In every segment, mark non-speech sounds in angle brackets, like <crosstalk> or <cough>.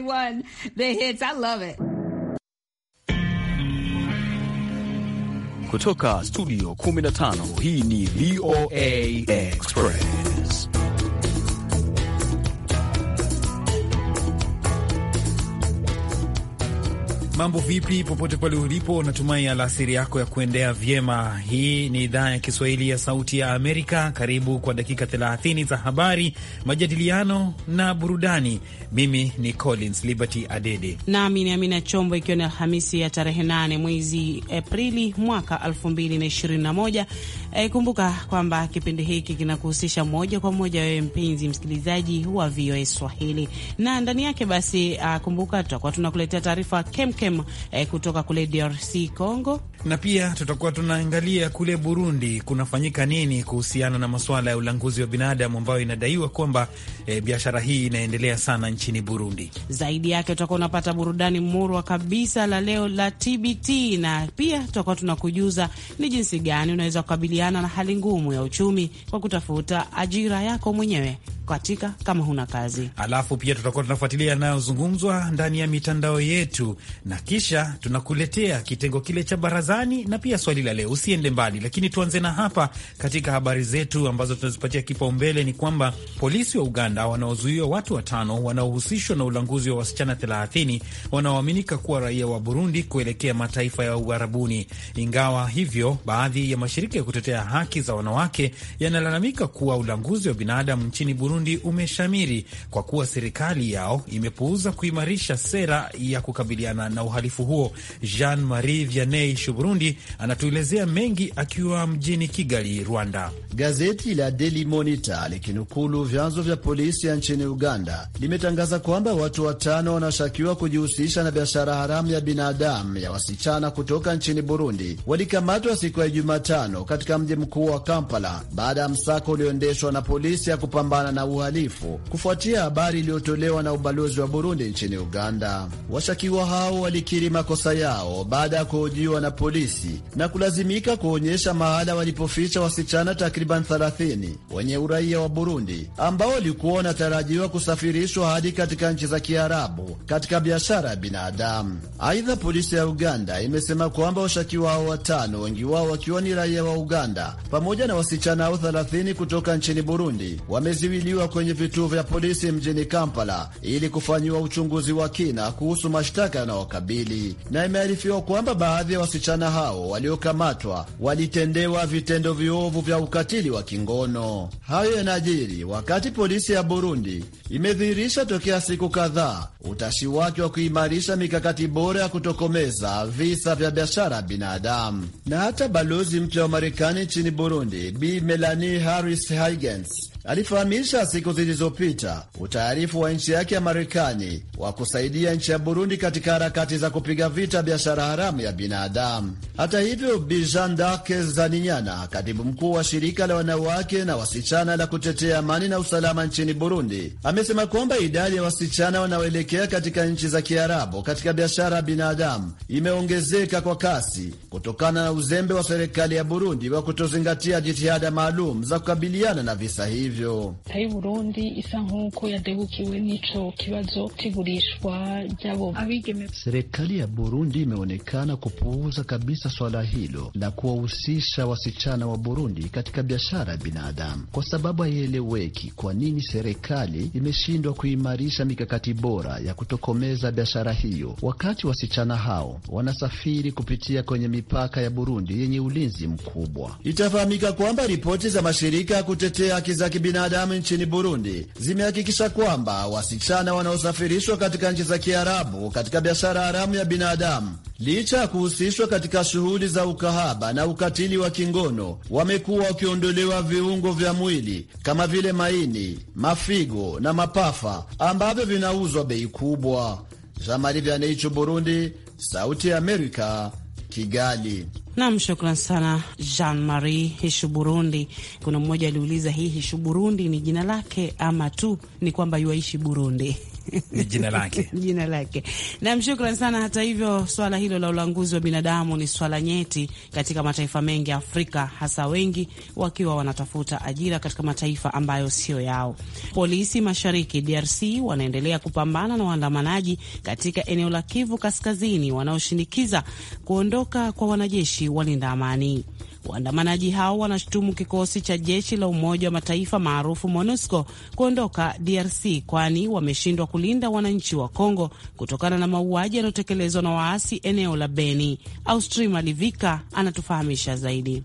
One, the hits. I love it. Kutoka studio 15 hii ni VOA Express. Mambo vipi, popote pale ulipo, natumai alasiri yako ya kuendea vyema. Hii ni idhaa ya Kiswahili ya Sauti ya Amerika. Karibu kwa dakika 30 za habari, majadiliano na burudani. Mimi ni Collins Liberty Adede nami ni Amina Chombo, ikiwa ni Alhamisi ya tarehe 8 mwezi Aprili mwaka 2021. E, kumbuka kwamba kipindi hiki kinakuhusisha moja kwa moja wewe mpenzi msikilizaji wa VOA Swahili, na ndani yake basi, uh, kumbuka tutakuwa tunakuletea taarifa kemke Kem eh, kutoka kule DRC Congo, na pia tutakuwa tunaangalia kule Burundi kunafanyika nini kuhusiana na masuala ya ulanguzi wa binadamu ambayo inadaiwa kwamba eh, biashara hii inaendelea sana nchini Burundi. Zaidi yake tutakuwa unapata burudani murwa kabisa la leo la TBT, na pia tutakuwa tunakujuza ni jinsi gani unaweza kukabiliana na hali ngumu ya uchumi kwa kutafuta ajira yako mwenyewe katika kama huna kazi. Alafu pia tutakuwa tunafuatilia yanayozungumzwa ndani ya mitandao yetu na na kisha tunakuletea kitengo kile cha barazani na pia swali la leo. Usiende mbali, lakini tuanze na hapa katika habari zetu ambazo tunazipatia kipaumbele. Ni kwamba polisi wa Uganda wanaozuiwa watu watano wanaohusishwa na ulanguzi wa wasichana 30 wanaoaminika kuwa raia wa Burundi kuelekea mataifa ya Uarabuni. Ingawa hivyo, baadhi ya mashirika ya kutetea haki za wanawake yanalalamika kuwa ulanguzi wa binadamu nchini Burundi umeshamiri kwa kuwa serikali yao imepuuza kuimarisha sera ya kukabiliana na uhalifu huo. Jean Marie Vianney Shuburundi anatuelezea mengi akiwa mjini Kigali, Rwanda. Gazeti la Daily Monitor likinukulu vyanzo vya polisi ya nchini Uganda limetangaza kwamba watu watano wanashukiwa kujihusisha na biashara haramu ya binadamu ya wasichana kutoka nchini Burundi walikamatwa siku ya Jumatano katika mji mkuu wa Kampala baada ya msako ulioendeshwa na polisi ya kupambana na uhalifu kufuatia habari iliyotolewa na ubalozi wa Burundi nchini Uganda. Washukiwa hao walikiri makosa yao baada ya kuhojiwa na polisi na kulazimika kuonyesha mahala walipoficha wasichana takriban 30 wenye uraia wa Burundi ambao walikuwa wanatarajiwa kusafirishwa hadi katika nchi za Kiarabu katika biashara ya binadamu. Aidha, polisi ya Uganda imesema kwamba washukiwa hao watano, wengi wao wakiwa ni raia wa Uganda, pamoja na wasichana hao 30 kutoka nchini Burundi, wameziwiliwa kwenye vituo vya polisi mjini Kampala ili kufanyiwa uchunguzi wa kina kuhusu mashtaka yanayokabili mbili, na imearifiwa kwamba baadhi ya wasichana hao waliokamatwa walitendewa vitendo viovu vya ukatili wa kingono. Hayo yanajiri wakati polisi ya Burundi imedhihirisha tokea siku kadhaa utashi wake wa kuimarisha mikakati bora ya kutokomeza visa vya biashara ya binadamu, na hata balozi mpya wa Marekani nchini Burundi Bi Melanie Harris Higens alifahamisha siku zilizopita utayarifu wa nchi yake ya Marekani wa kusaidia nchi ya Burundi katika harakati za kupiga vita biashara haramu ya binadamu. Hata hivyo, Bijan Dake Zaninyana, katibu mkuu wa shirika la wanawake na wasichana la kutetea amani na usalama nchini Burundi, amesema kwamba idadi ya wasichana wanaoelekea katika nchi za Kiarabu katika biashara ya binadamu imeongezeka kwa kasi kutokana na uzembe wa serikali ya Burundi wa kutozingatia jitihada maalum za kukabiliana na visa hivi hivyo. Serikali ya Burundi imeonekana kupuuza kabisa swala hilo la kuwahusisha wasichana wa Burundi katika biashara ya binadamu, kwa sababu haieleweki kwa nini serikali imeshindwa kuimarisha mikakati bora ya kutokomeza biashara hiyo, wakati wasichana hao wanasafiri kupitia kwenye mipaka ya Burundi yenye ulinzi mkubwa. Itafahamika kwamba ripoti za mashirika kutetea haki za kibinadamu nchini Burundi zimehakikisha kwamba wasichana wanaosafirishwa katika nchi za Kiarabu katika biashara haramu ya binadamu, licha ya kuhusishwa katika shughuli za ukahaba na ukatili wa kingono, wamekuwa wakiondolewa viungo vya mwili kama vile maini, mafigo na mapafa ambavyo vinauzwa bei kubwa. Jamari Neicho, Burundi. Sauti ya Amerika, Kigali. Nam, shukran sana Jean Marie Hishu Burundi. Kuna mmoja aliuliza hii Hishu Burundi ni jina lake ama tu ni kwamba yuaishi Burundi? <laughs> ni jina lake <laughs> jina lake. Namshukran sana. Hata hivyo, swala hilo la ulanguzi wa binadamu ni swala nyeti katika mataifa mengi ya Afrika, hasa wengi wakiwa wanatafuta ajira katika mataifa ambayo siyo yao. Polisi mashariki DRC wanaendelea kupambana na waandamanaji katika eneo la Kivu Kaskazini wanaoshinikiza kuondoka kwa wanajeshi walinda amani. Waandamanaji hao wanashutumu kikosi cha jeshi la Umoja wa Mataifa maarufu MONUSCO kuondoka DRC kwani wameshindwa kulinda wananchi wa Kongo kutokana na mauaji yanayotekelezwa na waasi eneo la Beni. Austri Malivika anatufahamisha zaidi.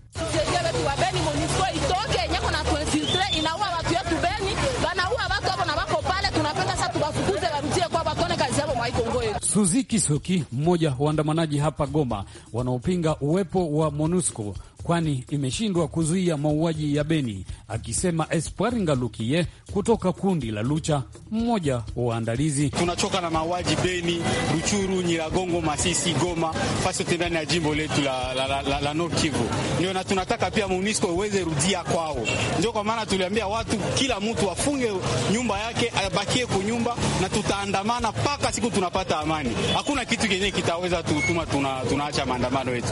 Suziki Suki, mmoja waandamanaji hapa Goma wanaopinga uwepo wa MONUSCO kwani imeshindwa kuzuia mauaji ya Beni, akisema Espoir Ngalukie kutoka kundi la Lucha, mmoja wa waandalizi. Tunachoka na mauaji Beni, Ruchuru, Nyiragongo, Masisi, Goma, fasi yote ndani ya jimbo letu la, la, la, la, la North Kivu. Ndio na tunataka pia MONUSCO iweze rudia kwao. Ndio kwa maana tuliambia watu kila mtu afunge nyumba yake abakie kunyumba, na tutaandamana mpaka siku tunapata amani hakuna kitu kenye kitaweza tutuma tunaacha tuna maandamano yetu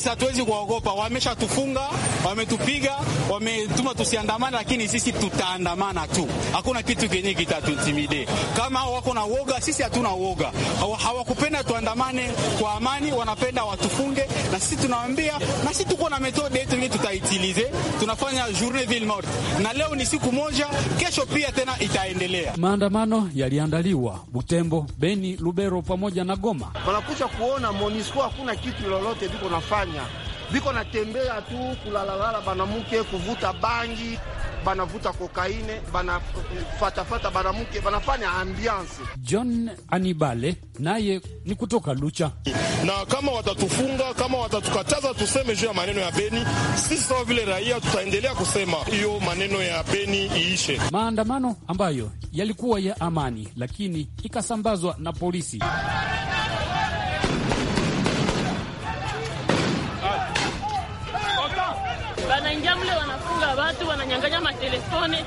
sisi hatuwezi kuwaogopa. Wameshatufunga, wametupiga, wametuma tusiandamane, lakini sisi tutaandamana tu. Hakuna kitu kenye kitatuintimide. Kama wako na uoga, sisi hatuna uoga. Hawakupenda tuandamane kwa amani, wanapenda watufunge, na sisi tunawaambia, na sisi tuko na metode yetu yenye tutaitilize. Tunafanya journee ville morte, na leo ni siku moja, kesho pia tena itaendelea. Maandamano yaliandaliwa Butembo, Beni, Lubero pamoja na Goma. Wanakuja kuona Monisco hakuna kitu lolote viko nafanya kufanya viko natembea tu kulalalala, banamuke kuvuta bangi, banavuta kokaine, banafatafata eh, banamuke, banafanya ambiance. John Anibale naye ni kutoka Lucha. Na kama watatufunga, kama watatukataza tuseme juu ya maneno ya Beni, sisi sawa vile raia tutaendelea kusema hiyo maneno ya Beni iishe. Maandamano ambayo yalikuwa ya amani, lakini ikasambazwa na polisi watu wananyang'anya matelefone.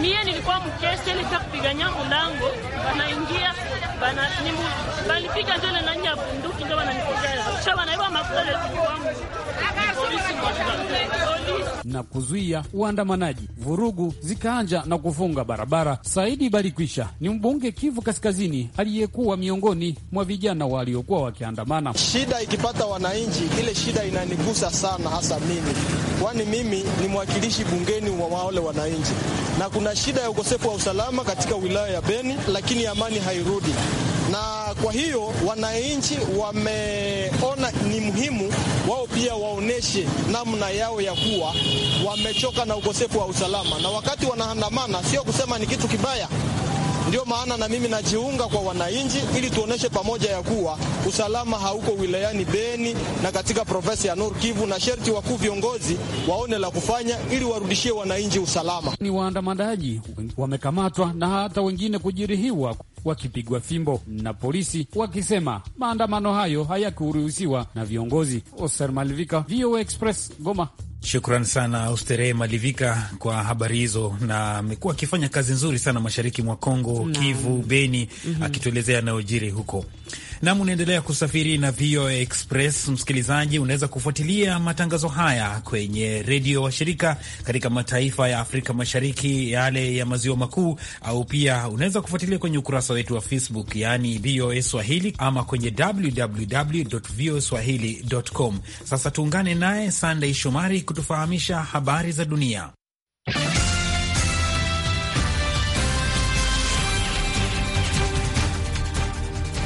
Mie nilikuwa mkeshe, nilitaka kupiganya mlango, wanaingia bana nimu balipiga ndio na nanya bunduki ndio wananipiga, sasa wanaiba mafuta kwangu na kuzuia uandamanaji vurugu zikaanja na kufunga barabara. Saidi Barikwisha ni mbunge Kivu Kaskazini aliyekuwa miongoni mwa vijana waliokuwa wakiandamana. Shida ikipata wananchi, ile shida inanigusa sana, hasa mimi, kwani mimi ni mwakilishi bungeni wa wale wananchi, na kuna shida ya ukosefu wa usalama katika wilaya ya Beni, lakini amani hairudi kwa hiyo wananchi wameona ni muhimu wao pia waoneshe namna yao ya kuwa wamechoka na ukosefu wa usalama, na wakati wanaandamana sio kusema ni kitu kibaya. Ndio maana na mimi najiunga kwa wananchi ili tuoneshe pamoja ya kuwa usalama hauko wilayani Beni na katika provinsi ya Nord Kivu, na sherti wakuu viongozi waone la kufanya ili warudishie wananchi usalama. Ni waandamanaji wamekamatwa na hata wengine kujirihiwa wakipigwa fimbo na polisi wakisema maandamano hayo hayakuruhusiwa na viongozi. Oster Malivika, VOA Express, Goma. Shukran sana Austere Malivika kwa habari hizo, na amekuwa akifanya kazi nzuri sana mashariki mwa Kongo, Kivu, Beni, mm -hmm. akituelezea yanayojiri huko. Nam, unaendelea kusafiri na VOA Express. Msikilizaji, unaweza kufuatilia matangazo haya kwenye redio wa shirika katika mataifa ya Afrika Mashariki, yale ya maziwa makuu, au pia unaweza kufuatilia kwenye ukurasa wetu wa Facebook, yaani VOA Swahili, ama kwenye www voa swahili com. Sasa tuungane naye Sandey Shomari kutufahamisha habari za dunia.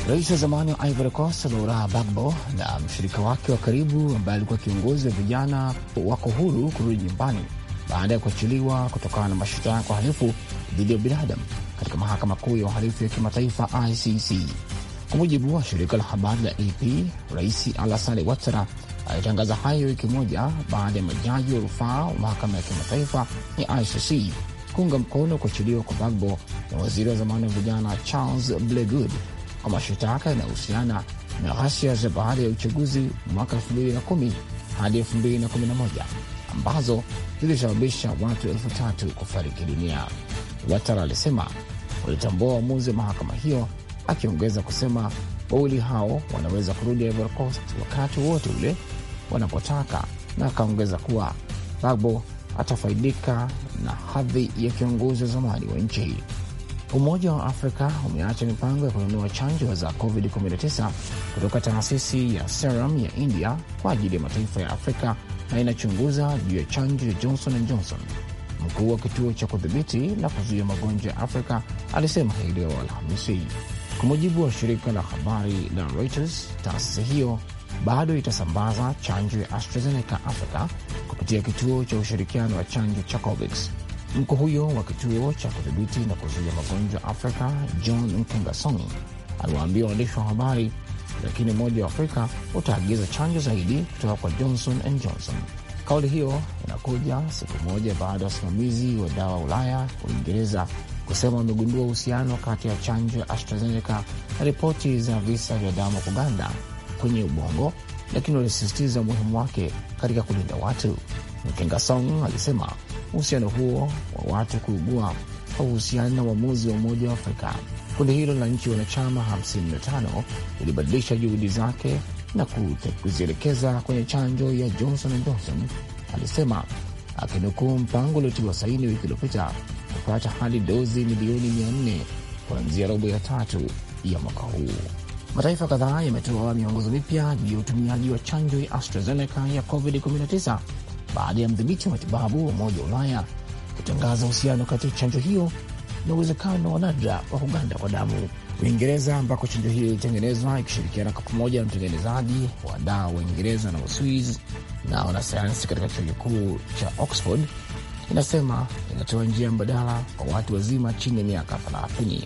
Rais wa zamani wa Ivory Coast Laurent Gbagbo na mshirika wake wa karibu ambaye alikuwa kiongozi wa vijana wako huru kurudi nyumbani baada ya kuachiliwa kutokana na mashtaka kwa halifu dhidi ya binadamu katika mahakama kuu ya uhalifu ya kimataifa ICC. Kwa mujibu wa shirika la habari la AP, Rais Alassane Ouattara alitangaza hayo wiki moja baada ya majaji wa rufaa wa mahakama ya kimataifa ya ICC kuunga mkono kuachiliwa kwa Gbagbo na waziri wa zamani wa vijana Charles Blegood kwa mashitaka yanayohusiana na ghasia za baada ya uchaguzi mwaka 2010 hadi 2011 ambazo zilisababisha watu elfu tatu kufariki dunia. Watara alisema walitambua uamuzi wa mahakama hiyo, akiongeza kusema wawili hao wanaweza kurudi Ivory Coast wakati wote ule wanapotaka, na akaongeza kuwa bagbo atafaidika na hadhi ya kiongozi wa zamani wa nchi hii. Umoja wa Afrika umeacha mipango ya kununua chanjo za COVID-19 kutoka taasisi ya Serum ya India kwa ajili ya mataifa ya Afrika na inachunguza juu ya chanjo ya Johnson and Johnson. Mkuu wa kituo cha kudhibiti na kuzuia magonjwa ya Afrika alisema hii leo Alhamisi. Kwa mujibu wa shirika la habari la Reuters, taasisi hiyo bado itasambaza chanjo ya AstraZeneca Africa kupitia kituo cha ushirikiano wa chanjo cha COVAX. Mkuu huyo wa kituo cha kudhibiti na kuzuia magonjwa Afrika, John Nkengasong, aliwaambia waandishi wa habari, lakini Umoja wa Afrika utaagiza chanjo zaidi kutoka kwa Johnson and Johnson. Kauli hiyo inakuja siku moja baada ya wasimamizi wa dawa wa Ulaya, Uingereza kusema wamegundua uhusiano kati ya chanjo ya AstraZeneca na ripoti za visa vya damu kuganda kwenye ubongo, lakini walisisitiza umuhimu wake katika kulinda watu. Nkengasong alisema uhusiano huo wa watu kuugua hauhusiani na uamuzi wa Umoja wa Afrika. Kundi hilo la nchi wanachama 55 lilibadilisha juhudi zake na kuzielekeza kwenye chanjo ya Johnson and Johnson, alisema akinukuu mpango uliotiwa saini wiki iliyopita kupata hadi dozi milioni 400 kuanzia robo ya tatu ya mwaka huu. Mataifa kadhaa yametoa miongozo mipya juu ya utumiaji wa chanjo ya AstraZeneca ya COVID-19 baada ya mdhibiti wa matibabu wa Umoja wa Ulaya kutangaza uhusiano kati ya chanjo hiyo na uwezekano wa nadra wa kuganda kwa damu. Uingereza, ambako chanjo hiyo ilitengenezwa ikishirikiana kwa pamoja na mtengenezaji dawa wa Uingereza na uswiz na wanasayansi katika chuo kikuu cha Oxford, inasema inatoa njia mbadala kwa watu wazima chini ya miaka 30.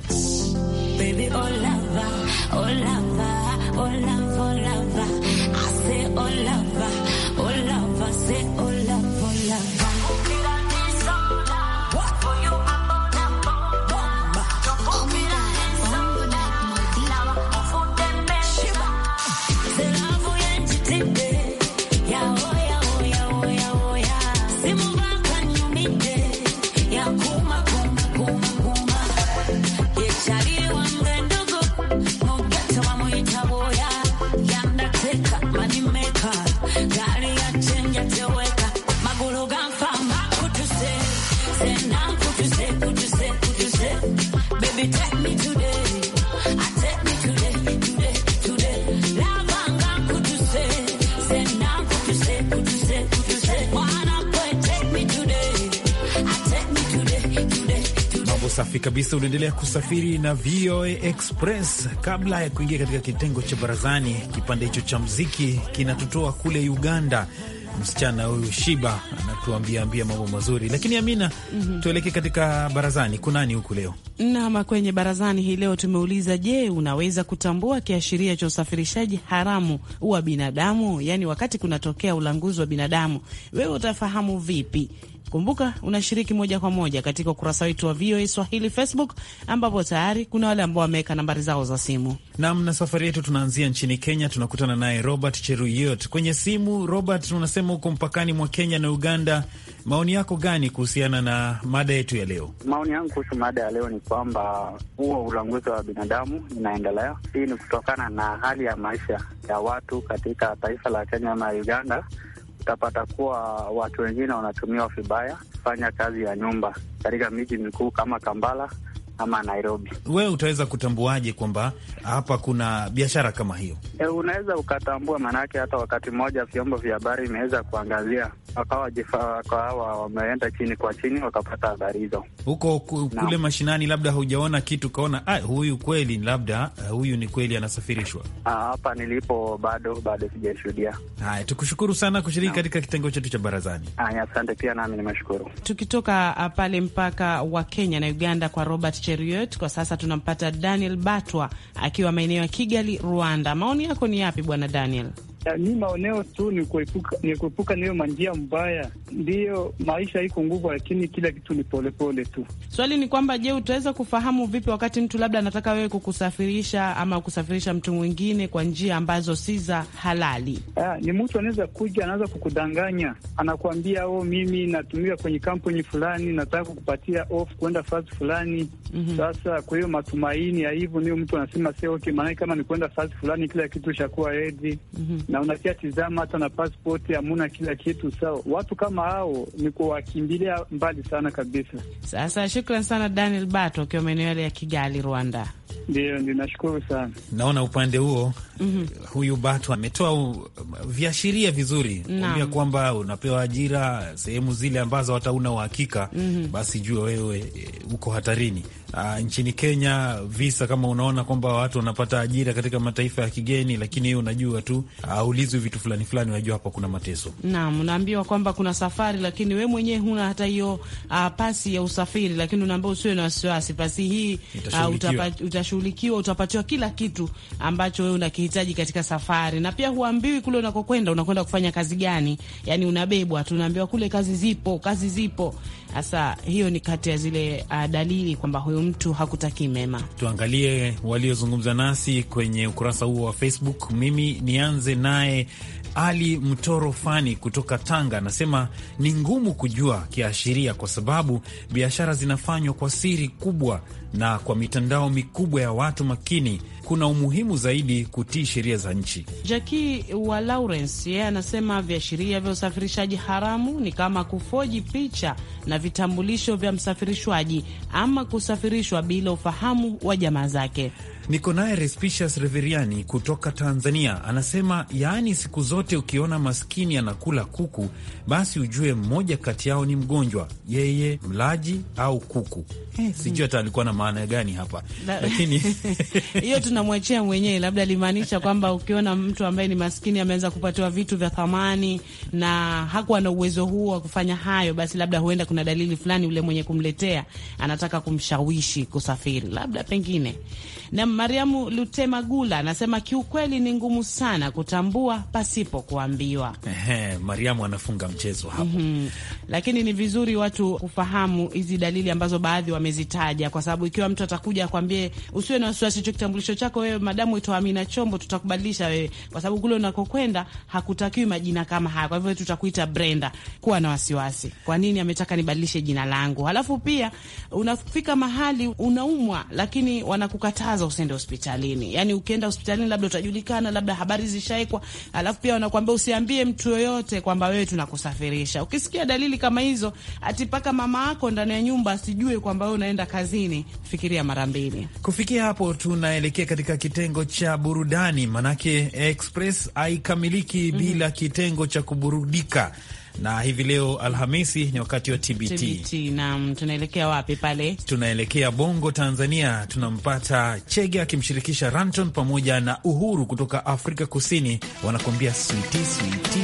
kabisa, unaendelea kusafiri na VOA Express. Kabla ya kuingia katika kitengo cha barazani, kipande hicho cha mziki kinatutoa kule Uganda. Msichana huyu Shiba anatuambia ambia mambo mazuri, lakini Amina, mm -hmm. tuelekee katika barazani. Kunani huku leo? Nama kwenye barazani hii leo tumeuliza, je, unaweza kutambua kiashiria cha usafirishaji haramu wa binadamu? Yaani wakati kunatokea ulanguzi wa binadamu, wewe utafahamu vipi? Kumbuka unashiriki moja kwa moja katika ukurasa wetu wa VOA Swahili Facebook, ambapo tayari kuna wale ambao wameweka nambari zao za simu. Nam na safari yetu tunaanzia nchini Kenya, tunakutana naye Robert Cheruyot kwenye simu. Robert, unasema huko mpakani mwa Kenya na Uganda Maoni yako gani kuhusiana na mada yetu ya leo? Maoni yangu kuhusu mada ya leo ni kwamba huo ulanguzi wa binadamu inaendelea. Hii ni kutokana na hali ya maisha ya watu katika taifa la Kenya ama Uganda. Utapata kuwa watu wengine wanatumiwa vibaya kufanya kazi ya nyumba katika miji mikuu kama Kampala ama Nairobi. Wewe utaweza kutambuaje kwamba hapa kuna biashara kama hiyo? E, unaweza ukatambua, maanake hata wakati mmoja vyombo vya habari imeweza kuangazia, wakawa wakawa wameenda chini kwa chini wakapata habari hizo huko kule mashinani. Labda haujaona kitu ukaona, ah, huyu kweli, labda ah, huyu ni kweli anasafirishwa. Ah, hapa nilipo bado bado sijashuhudia haya. Tukushukuru sana kushiriki no. katika kitengo chetu cha barazani. Asante pia, nami nimeshukuru. Tukitoka pale mpaka wa Kenya na Uganda kwa Robert Ch Cheriot. Kwa sasa tunampata Daniel Batwa akiwa maeneo ya Kigali, Rwanda. Maoni yako ni yapi, Bwana Daniel? Mi maoneo tu ni kuepuka ni kuepuka nayo manjia mbaya. Ndiyo, maisha iko nguvu, lakini kila kitu ni polepole tu. Swali ni kwamba, je, utaweza kufahamu vipi wakati mtu labda anataka wewe kukusafirisha ama kusafirisha mtu mwingine kwa njia ambazo si za halali? Aa, ah, ni mtu anaweza kuja, anaweza kukudanganya, anakuambia o, oh, mimi natumika kwenye kampuni fulani, nataka kukupatia off kuenda fasi fulani. mm -hmm. Sasa kwa hiyo matumaini ya hivyo, niyo mtu anasema se okay, maanake kama ni kuenda fasi fulani, kila kitu shakuwa redi. mm -hmm na unakia tizama hata na paspoti hamuna kila kitu sawa. Watu kama hao ni kuwakimbilia mbali sana kabisa. Sasa shukran sana Daniel Bato ukiwa maeneo yale ya Kigali, Rwanda. Ndio, ninashukuru sana. Naona upande huo mm -hmm. Huyu Bato ametoa viashiria vizuri kuambia kwamba unapewa ajira sehemu zile ambazo hata una uhakika mm -hmm. Basi jua wewe e, uko hatarini uh, nchini Kenya visa kama unaona kwamba watu wanapata ajira katika mataifa ya kigeni, lakini hiyo unajua tu ah, aulizwi uh, vitu fulani fulani, unajua hapa kuna mateso. Naam, unaambiwa kwamba kuna safari, lakini we mwenyewe huna hata hiyo uh, pasi ya usafiri, lakini unaambiwa usiwe na wasiwasi, pasi hii uh, utashughulikiwa, utapatiwa kila kitu ambacho wewe unakihitaji katika safari, na pia huambiwi kule unakokwenda unakwenda kufanya kazi gani, yani unabebwa, tunaambiwa kule kazi zipo, kazi zipo sasa hiyo ni kati ya zile uh, dalili kwamba huyu mtu hakutakii mema. Tuangalie waliozungumza nasi kwenye ukurasa huo wa Facebook. Mimi nianze naye ali Mtoro Fani kutoka Tanga anasema ni ngumu kujua kiashiria kwa sababu biashara zinafanywa kwa siri kubwa na kwa mitandao mikubwa ya watu makini. Kuna umuhimu zaidi kutii sheria za nchi. Jaki wa Lawrence yeye anasema viashiria vya usafirishaji haramu ni kama kufoji picha na vitambulisho vya msafirishwaji ama kusafirishwa bila ufahamu wa jamaa zake. Niko naye Respicious Reveriani kutoka Tanzania, anasema yaani, siku zote ukiona maskini anakula kuku, basi ujue mmoja kati yao ni mgonjwa, yeye mlaji au kuku. Eh, sijui hata alikuwa na maana gani hapa, lakini <laughs> hiyo tunamwachia mwenyewe, labda alimaanisha kwamba ukiona mtu ambaye ni maskini ameweza kupatiwa vitu vya thamani na hakuwa na uwezo huo wa kufanya hayo, basi labda huenda kuna dalili fulani, ule mwenye kumletea anataka kumshawishi kusafiri, labda pengine na Mariamu Lutemagula anasema kiukweli ni ngumu sana kutambua pasipo kuambiwa. Ehe, Mariamu anafunga mchezo hapo. Mm -hmm. Lakini ni vizuri watu kufahamu hizi dalili ambazo baadhi wamezitaja, kwa sababu ikiwa mtu atakuja akwambie usiwe na wasiwasi, hicho kitambulisho chako wewe, madamu itwa Amina Chombo, tutakubadilisha wewe, kwa sababu kule unakokwenda hakutakiwi majina kama haya, kwa hivyo tutakuita Brenda. Kuwa na wasiwasi, kwa nini ametaka nibadilishe jina langu? Halafu pia unafika mahali unaumwa, lakini wanakukataza kukataza usiende hospitalini. Yani ukienda hospitalini, labda utajulikana, labda habari zishaekwa, alafu pia wanakuambia usiambie mtu yoyote kwamba wewe tunakusafirisha. Ukisikia dalili kama hizo, ati paka mama yako ndani ya nyumba asijue kwamba wewe unaenda kazini, fikiria mara mbili. Kufikia hapo, tunaelekea katika kitengo cha burudani, manake Express haikamiliki mm -hmm. bila kitengo cha kuburudika na hivi leo Alhamisi ni wakati wa TBT. TBT na tunaelekea wapi pale? Tunaelekea Bongo, Tanzania. Tunampata Chege akimshirikisha Ranton pamoja na Uhuru kutoka Afrika Kusini, wanakuambia switi switi.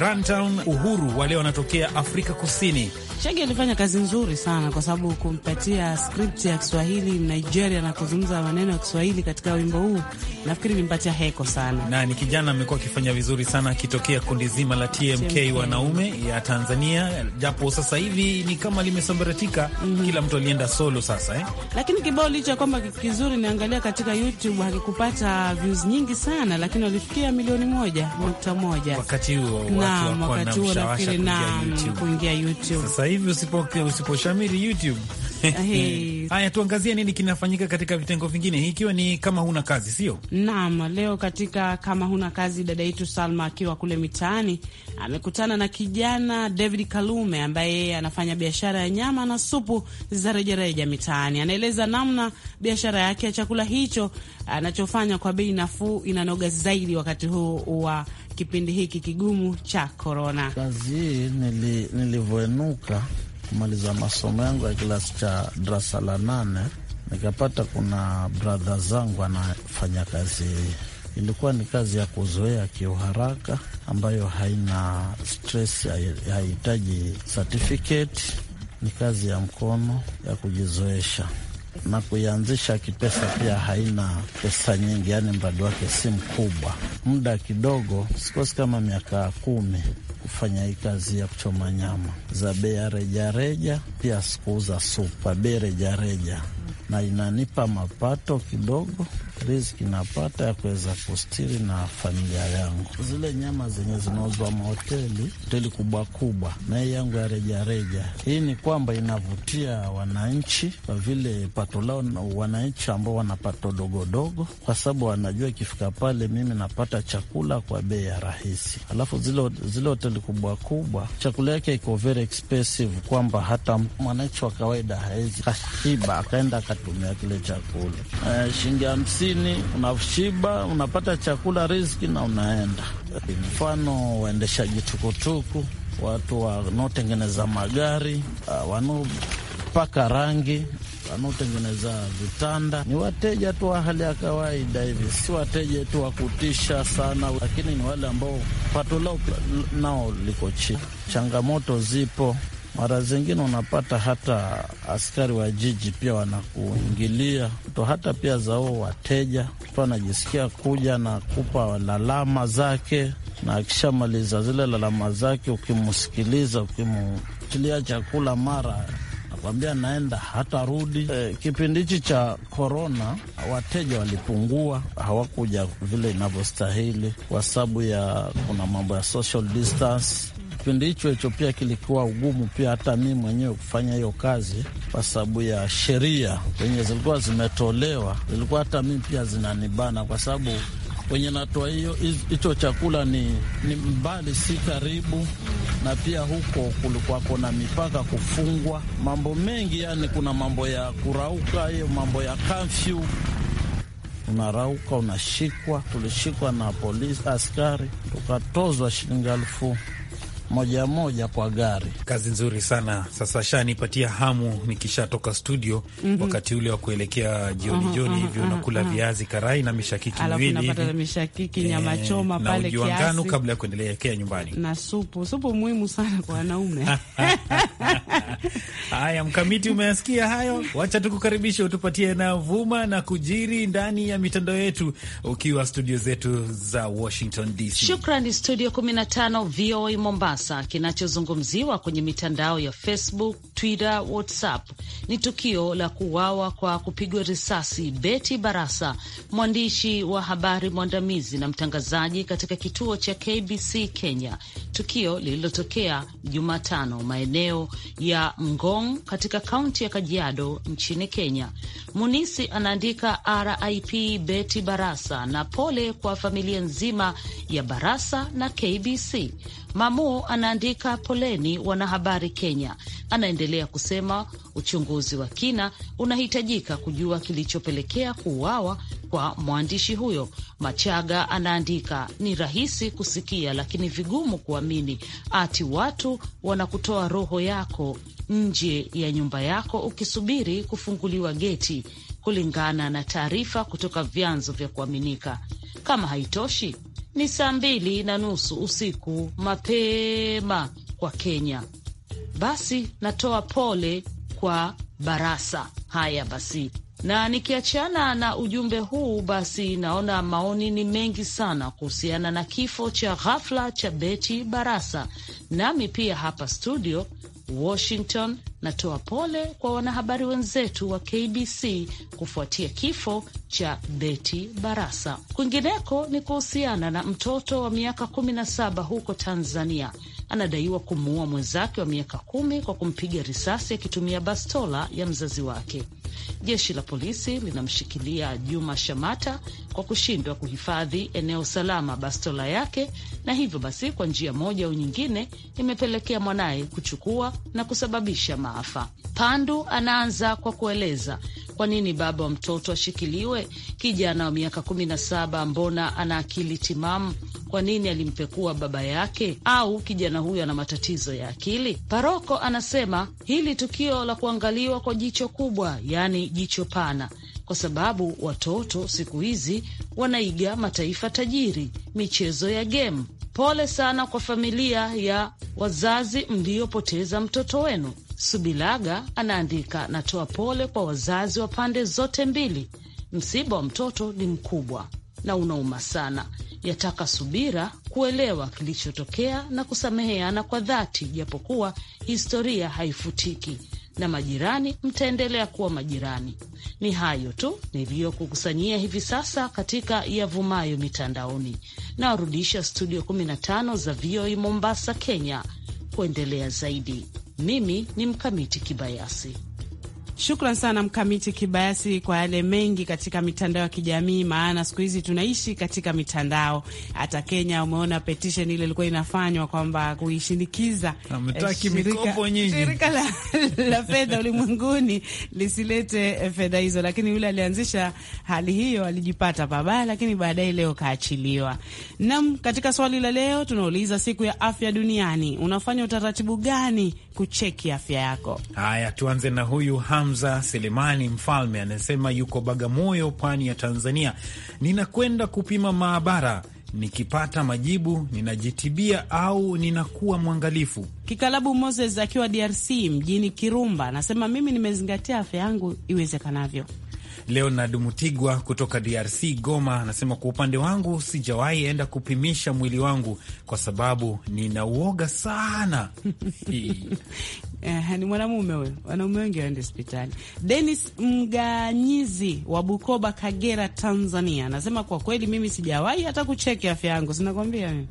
Runtown Uhuru wale wanatokea Afrika Kusini. Shege alifanya kazi nzuri sana kwa sababu kumpatia script ya Kiswahili Nigeria na kuzungumza maneno ya Kiswahili katika wimbo huu nafikiri nimpatia heko sana, na ni kijana amekuwa akifanya vizuri sana akitokea kundi zima la TMK, TMK wanaume ya Tanzania, japo sasa hivi ni kama limesambaratika. mm -hmm. Kila mtu alienda solo sasa eh? Lakini kibao licha kwamba kizuri, naangalia katika YouTube hakikupata views nyingi sana, lakini walifikia milioni moja nukta moja wakati huo, wakati huo nafikiri na kuingia YouTube. Sasa hivi usiposhamiri usipo YouTube Eh, eh. Haya, tuangazie nini kinafanyika katika vitengo vingine, ikiwa ni kama huna kazi, sio? Naam, leo katika kama huna kazi, dada yetu Salma akiwa kule mitaani amekutana na kijana David Kalume ambaye yeye anafanya biashara ya nyama na supu za rejareja mitaani. Anaeleza namna biashara yake ya chakula hicho anachofanya kwa bei nafuu inanoga zaidi wakati huu wa kipindi hiki kigumu cha korona. Kazi hii nilivyoenuka kumaliza masomo yangu ya kilasi cha darasa la nane, nikapata kuna bradha zangu anafanya kazi hii. Ilikuwa ni kazi ya kuzoea kiuharaka, ambayo haina stress, haihitaji certificate. Ni kazi ya mkono ya kujizoesha na kuianzisha kipesa pia haina pesa nyingi, yaani mradi wake si mkubwa, muda kidogo, sikosi kama miaka kumi kufanya hii kazi ya kuchoma nyama za bei ya rejareja, pia sikuuza supa bei rejareja, na inanipa mapato kidogo riziki napata ya kuweza kustiri na familia yangu. Zile nyama zenye zinauzwa mahoteli, hoteli kubwa kubwa, na hii yangu ya rejareja, hii ni kwamba inavutia wananchi kwa vile pato lao, wananchi ambao wana pato dogodogo, kwa sababu wanajua ikifika pale mimi napata chakula kwa bei ya rahisi. Alafu zile zile hoteli kubwa kubwa chakula yake iko very expensive, kwamba hata mwananchi wa kawaida hawezi kashiba akaenda akatumia kile chakula uh, shilingi hamsini kazini, unashiba, unapata chakula, riziki na unaenda. Mfano waendeshaji tukutuku, watu wanaotengeneza magari, ah, wanaopaka rangi wanaotengeneza vitanda ni wateja tu wa hali ya kawaida hivi, si wateja tu wa kutisha sana, lakini ni wale ambao pato lao nao liko chini. Changamoto zipo. Mara zingine unapata hata askari wa jiji pia wanakuingilia to hata pia zao wateja tu, anajisikia kuja na kupa lalama zake, na akishamaliza zile lalama zake, ukimsikiliza ukimtilia chakula, mara nakwambia naenda hata rudi. E, eh, kipindi hichi cha korona wateja walipungua, hawakuja vile inavyostahili kwa sababu ya kuna mambo ya social distance kipindi hicho hicho pia kilikuwa ugumu pia hata mi mwenyewe kufanya hiyo kazi kwa sababu ya sheria zenye zilikuwa zimetolewa, zilikuwa hata mi pia zinanibana kwa sababu wenye natoa hiyo hicho chakula ni, ni mbali, si karibu, na pia huko kulikuwa kuna mipaka kufungwa, mambo mengi yani, kuna mambo ya kurauka, hiyo mambo ya kafyu, unarauka unashikwa. Tulishikwa na polisi askari, tukatozwa shilingi elfu moja moja kwa gari. Kazi nzuri sana. Sasa shanipatia hamu nikishatoka studio mm -hmm. Wakati ule wa kuelekea jioni mm -hmm, jioni mhm, hivyo mm -hmm, unakula mm -hmm. viazi mhm. karai na mishakiki miwili, mishakiki, nyama eh, choma pale kiasi, na ngano kabla ya kuendelea nyumbani, na supu. Supu muhimu sana kwa wanaume. <laughs> Haya, mkamiti, umeyasikia hayo. Wacha tukukaribisha utupatie na vuma na kujiri ndani ya mitandao yetu ukiwa studio zetu za Washington DC. Shukrani studio 15 VOA Mombasa sasa kinachozungumziwa kwenye mitandao ya Facebook, Twitter, WhatsApp ni tukio la kuuawa kwa kupigwa risasi Betty Barasa, mwandishi wa habari mwandamizi na mtangazaji katika kituo cha KBC Kenya, tukio lililotokea Jumatano maeneo ya ngong katika kaunti ya Kajiado nchini Kenya. Munisi anaandika RIP Betty Barasa na pole kwa familia nzima ya Barasa na KBC. Mamu anaandika poleni wanahabari Kenya. Anaendelea anaendelea kusema uchunguzi wa kina unahitajika kujua kilichopelekea kuuawa kwa mwandishi huyo. Machaga anaandika, ni rahisi kusikia lakini vigumu kuamini, ati watu wanakutoa roho yako nje ya nyumba yako ukisubiri kufunguliwa geti, kulingana na taarifa kutoka vyanzo vya kuaminika. Kama haitoshi, ni saa mbili na nusu usiku mapema kwa Kenya basi natoa pole kwa Barasa. Haya basi, na nikiachana na ujumbe huu, basi naona maoni ni mengi sana kuhusiana na kifo cha ghafla cha Beti Barasa. Nami pia hapa studio Washington natoa pole kwa wanahabari wenzetu wa KBC kufuatia kifo cha Beti Barasa. Kwingineko ni kuhusiana na mtoto wa miaka 17 huko Tanzania anadaiwa kumuua mwenzake wa miaka kumi kwa kumpiga risasi akitumia bastola ya mzazi wake jeshi la polisi linamshikilia Juma Shamata kwa kushindwa kuhifadhi eneo salama bastola yake, na hivyo basi kwa njia moja au nyingine imepelekea mwanaye kuchukua na kusababisha maafa. Pandu anaanza kwa kueleza kwa nini baba wa mtoto ashikiliwe. Kijana wa miaka kumi na saba, mbona ana akili timamu? Kwa nini alimpekua baba yake? Au kijana huyo ana matatizo ya akili? Paroko anasema hili tukio la kuangaliwa kwa jicho kubwa, yani yaani jicho pana, kwa sababu watoto siku hizi wanaiga mataifa tajiri, michezo ya gemu. Pole sana kwa familia ya wazazi mliopoteza mtoto wenu. Subilaga anaandika, natoa pole kwa wazazi wa pande zote mbili. Msiba wa mtoto ni mkubwa na unauma sana, yataka subira, kuelewa kilichotokea na kusameheana kwa dhati, japokuwa historia haifutiki na majirani mtaendelea kuwa majirani. Ni hayo tu niliyokukusanyia hivi sasa katika yavumayo mitandaoni. Nawarudisha studio 15 za VOA e Mombasa, Kenya kuendelea zaidi. Mimi ni Mkamiti Kibayasi. Shukran sana Mkamiti Kibayasi kwa yale mengi katika mitandao ya kijamii, maana siku hizi tunaishi katika mitandao. Hata Kenya umeona petition ile ilikuwa inafanywa kwamba kuishinikiza eh, shirika la, la fedha ulimwenguni lisilete eh, fedha hizo, lakini yule alianzisha hali hiyo alijipata pabaya, lakini baadaye leo kaachiliwa. Nam, katika swali la leo tunauliza siku ya afya duniani unafanya utaratibu gani kucheki afya yako. Haya, tuanze na huyu Hamza Selemani Mfalme, anasema yuko Bagamoyo, pwani ya Tanzania. Ninakwenda kupima maabara nikipata majibu ninajitibia au ninakuwa mwangalifu. Kikalabu Moses akiwa DRC mjini Kirumba anasema mimi nimezingatia afya yangu iwezekanavyo. Leonard Mutigwa kutoka DRC, Goma, anasema kwa upande wangu sijawahi enda kupimisha mwili wangu kwa sababu nina uoga sana. <laughs> Eh, ni mwanamume huyo. Wanaume wengi waende hospitali. denis Mganyizi wa Bukoba, Kagera, Tanzania anasema kwa kweli mimi sijawahi hata kucheki afya yangu, sinakwambia mimi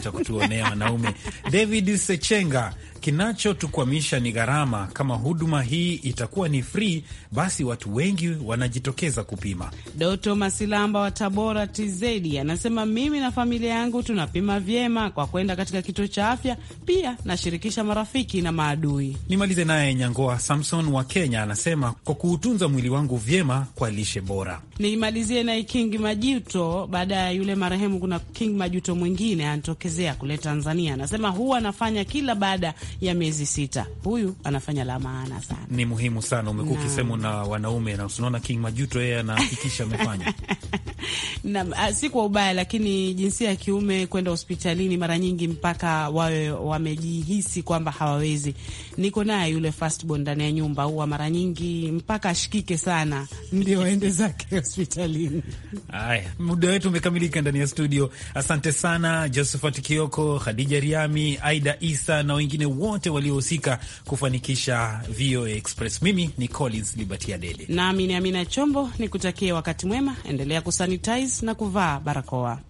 cha kutuonea wanaume. David Sechenga, kinachotukwamisha ni gharama. Kama huduma hii itakuwa ni free, basi watu wengi wanajitokeza kupima. Doto Masilamba wa Tabora TZ anasema mimi na familia yangu tunapima vyema kwa kwenda katika kituo cha afya, pia nashirikisha marafiki na maadui. Nimalize naye Nyangoa Samson wa Kenya anasema kwa kuutunza mwili wangu vyema kwa lishe bora. Nimalizie naye King Majuto, baada ya yule marehemu kuna King Majuto mwingine Anto kujitokezea kule Tanzania. Anasema huwa anafanya kila baada ya miezi sita. Huyu anafanya la maana sana, ni muhimu sana, umekuwa ukisema na wanaume na unaona King Majuto yeye anahakikisha amefanya <laughs> na ah, si kwa ubaya, lakini jinsia ya kiume kwenda hospitalini mara nyingi mpaka wawe wamejihisi kwamba hawawezi. Niko naye yule firstborn ndani ya nyumba, huwa mara nyingi mpaka ashikike sana ndio aende zake hospitalini. Haya, muda wetu umekamilika ndani ya studio. Asante sana Joseph Josephat Kioko, Khadija Riami, Aida Isa na wengine wote waliohusika kufanikisha VOA Express. Mimi ni Collins Libertia Dede nami ni Amina Chombo, nikutakie wakati mwema. Endelea kusanitize na kuvaa barakoa.